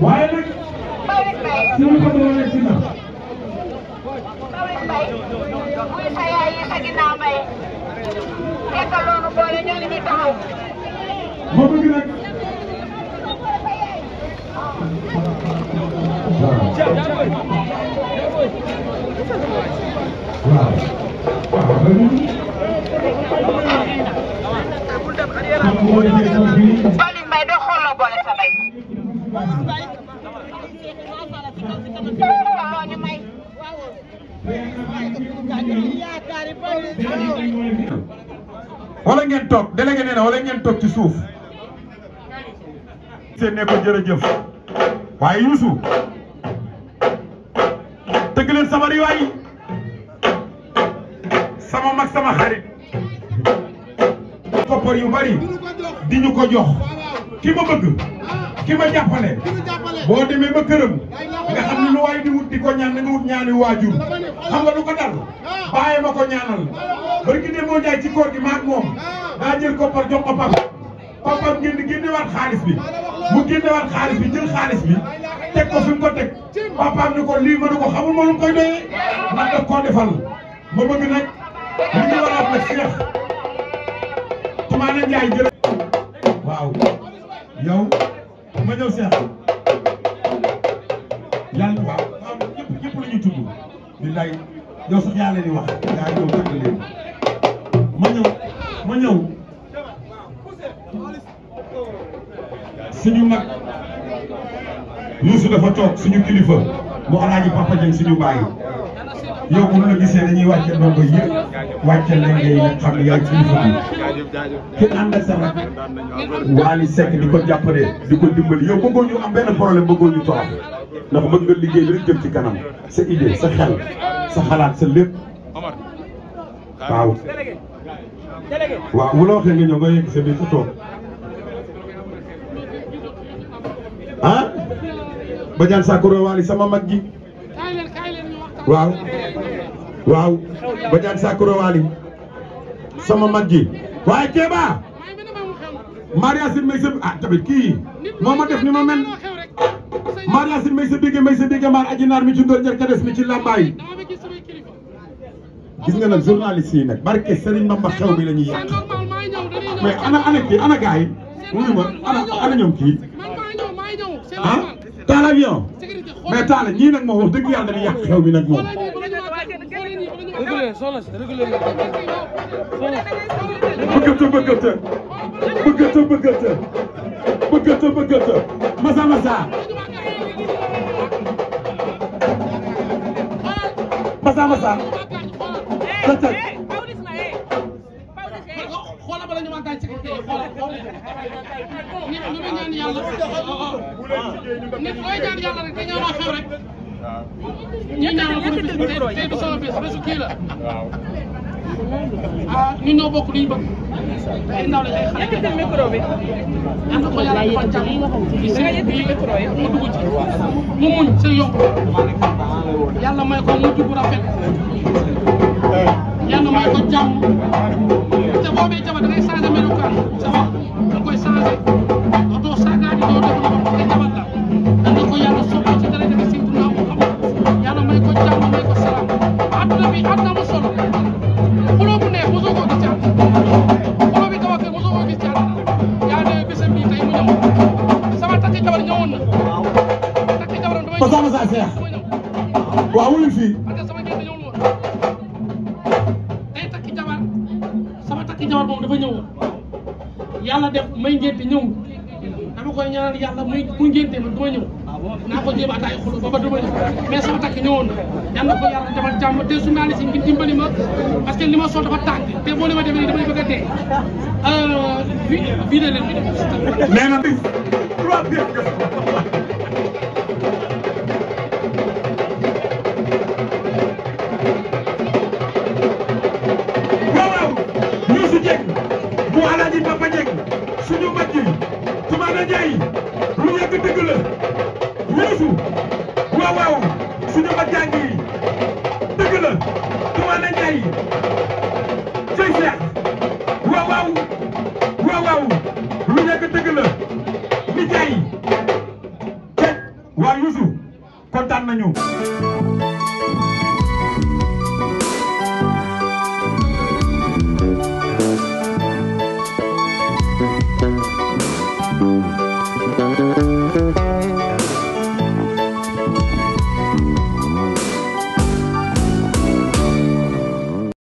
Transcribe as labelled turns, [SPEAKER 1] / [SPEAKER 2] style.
[SPEAKER 1] waaye nag noonu ko doon wane si ma. Mawlid Mbaye muy sa yaay yi sa ginnaaw Mbaye fekk loolu boole ñoo ngi taxaw. moo bëgg nag. waaw. waaw. wala ngeen toog délégué nee na wala ngeen toog ci suuf seen ne ko jërëjëf waaye Youssou tëgg leen sama yi sama mag sama xarit koppar yu bari di ñu ko jox ki ma bëgg ki ma jàppale boo demee ba këram ko ñaan na nga wut ñaani waajur xam nga du ko dal ah. bàyyi ma ko ñaanal bari ki dem moo jaay ci koor gi maak moom ah. daa jël koppar jox ko papa papam génn génnewaat xaalis bi mu génnewaat xaalis bi jël xaalis bi teg ko fi mu ko teg papaam ni ko lii mënu ko xamul ma lu ko doyee ndax daf koo defal ma bëgg nag li ñu waraat nag Cheikh Toumane Ndiaye jërë waaw yow ma ñëw Cheikh Abdoulaye yow sax yaa leen wax yaa ñëw tëgg leen ma ñëw ma ñëw suñu mag Youssou dafa toog suñu kilifa mu alaaji Papa Dieng suñu bàyyi yow bu ñu la gisee dañuy wàcce ndongo yëpp wàcce na ngay xam ne yaay kilifa bi kenn ànd ak sa rak Wally di ko jàppale di ko dimbali yow bëggoon ñu am benn problème bëggoon ñu toog ndax mën nga liggéey lu jëm ci kanam sa idée sa xel sa xalaat sa lépp waaw. waaw bu la waxee nga ñëw nga yegg sa biir sa toog ah Badiane Sakoro Wally sama mag ji. waaw waaw Badiane Sakoro Waly sama mag ji waaye Kéba Maria Sine may sa ah tamit kii moo ma def ni ma mel Maria Sine may bi bigge may sa bigge maar aji naar mi ci ndóor njër ka mi ci làmbaay gis nga nag journaliste yi nag barke Serigne Bamba xew bi la ñuy yàq mais ana ana kii ana gars yi ana ana ñoom kii ah tal mais Talla ñii nag moom wax dëgg yàlla dañuy yàq xew mi nag moom. bëggata bëggata bëggata bëggata bëggata bëggata masa masa masa masa tata eh. eh. xoolal bala ñu ma ngi ñaan yàlla nit booy ñaan yàlla rek te ñaanoo xew rek. ñu ñaanal ko bis tey tey du sama bis bésu kii la. ah ñun ñoo bokk luñ bëgg. ay ndaw lañ ay xale. yëkkatil micro bi.
[SPEAKER 2] ñaan ko yàlla defal jàmm ci sëñ bi mu
[SPEAKER 1] dugg ci mu muñ sa yokku. yàlla may ko mu jub bu rafet. ba sonn xuloo bu neex mosoo koo gis ci àdduna xuloo bi tawa kër mosoo koo gis ci àdduna yaa ne bésam bii tey mu ñëw sama takki jabar ñëwoon na takki jabaram damay ñëw sama saa seex waaw wuli fii sama génn ñëwul woon day takki jabar sama takki jabar moom dafa ñëwoon yàlla def may ngénte ñëw dama koy ñaanal yàlla muy mu ngénte man du ma ñëw naa ko jéem a ataay xuloo ba ma mais sama takk ñëwoon na yan na ko yàlla defal jàmm te journaliste yi ngi dimbali ma parce que li ma sol dafa tàng te boo leen ma demee damay bëgg a dee bi euh, bii de leen bi de nee na trois bières Papa Dieng suñu mbokk yi Toumane waaw waaw suñu ma jàngi